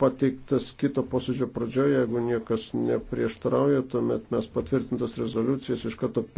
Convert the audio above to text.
pateiktas kito posėdžio pradžioje, jeigu niekas neprieštarauja, tuomet mes patvirtintas rezoliucijas iš karto